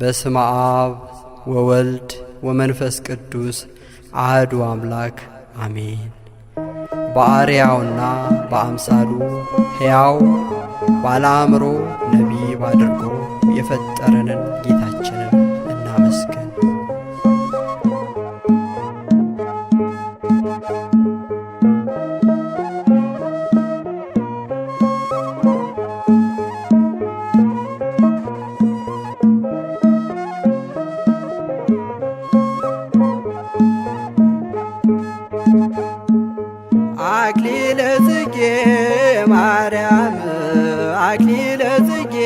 በስመ አብ ወወልድ ወመንፈስ ቅዱስ አህዱ አምላክ አሜን። በአርያውና በአምሳሉ ሕያው ባለአእምሮ ነቢብ አድርጎ የፈጠረንን ጌታ ጽጌ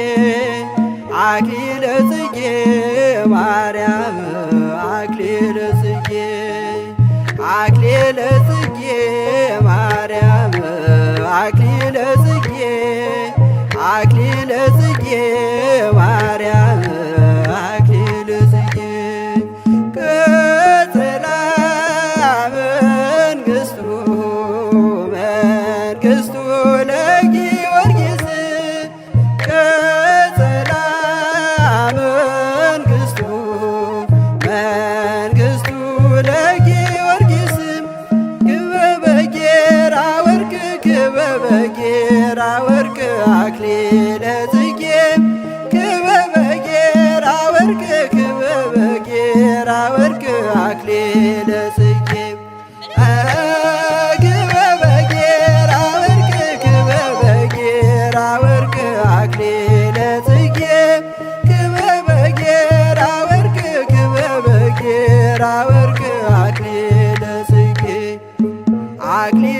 አክሊለ ጽጌ ማርያም አክሊለ ጽጌ አክሊለ ጽጌ ማርያም አክሊለ ጽጌ አክሊለ ጽጌ ማርያም አክሊለ ጽጌ ቅጽላ መንግሥቱ መንግሥቱ ጌራ ወርቅ አክሊለ ጽጌ ክበበ ጌራ ወርቅ ክበበ ጌራ ወርቅ አክሊለ ጽጌ ክበበ ጌራ ወርቅ ክበበ ጌራ ወርቅ አክሊለ ጽጌ ክበበ ጌራ ወርቅ ክበበ ጌራ ወርቅ አክሊለ ጽጌ አክሊ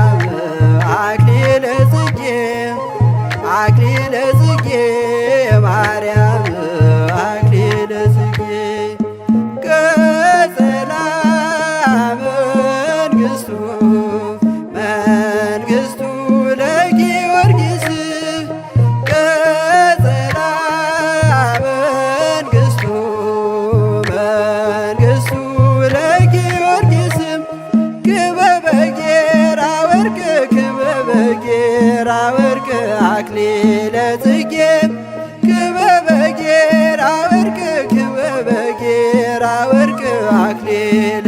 ጽጌ ክበበ ጌራ ወርቅ ክበበ ጌራ ወርቅ አክሊለ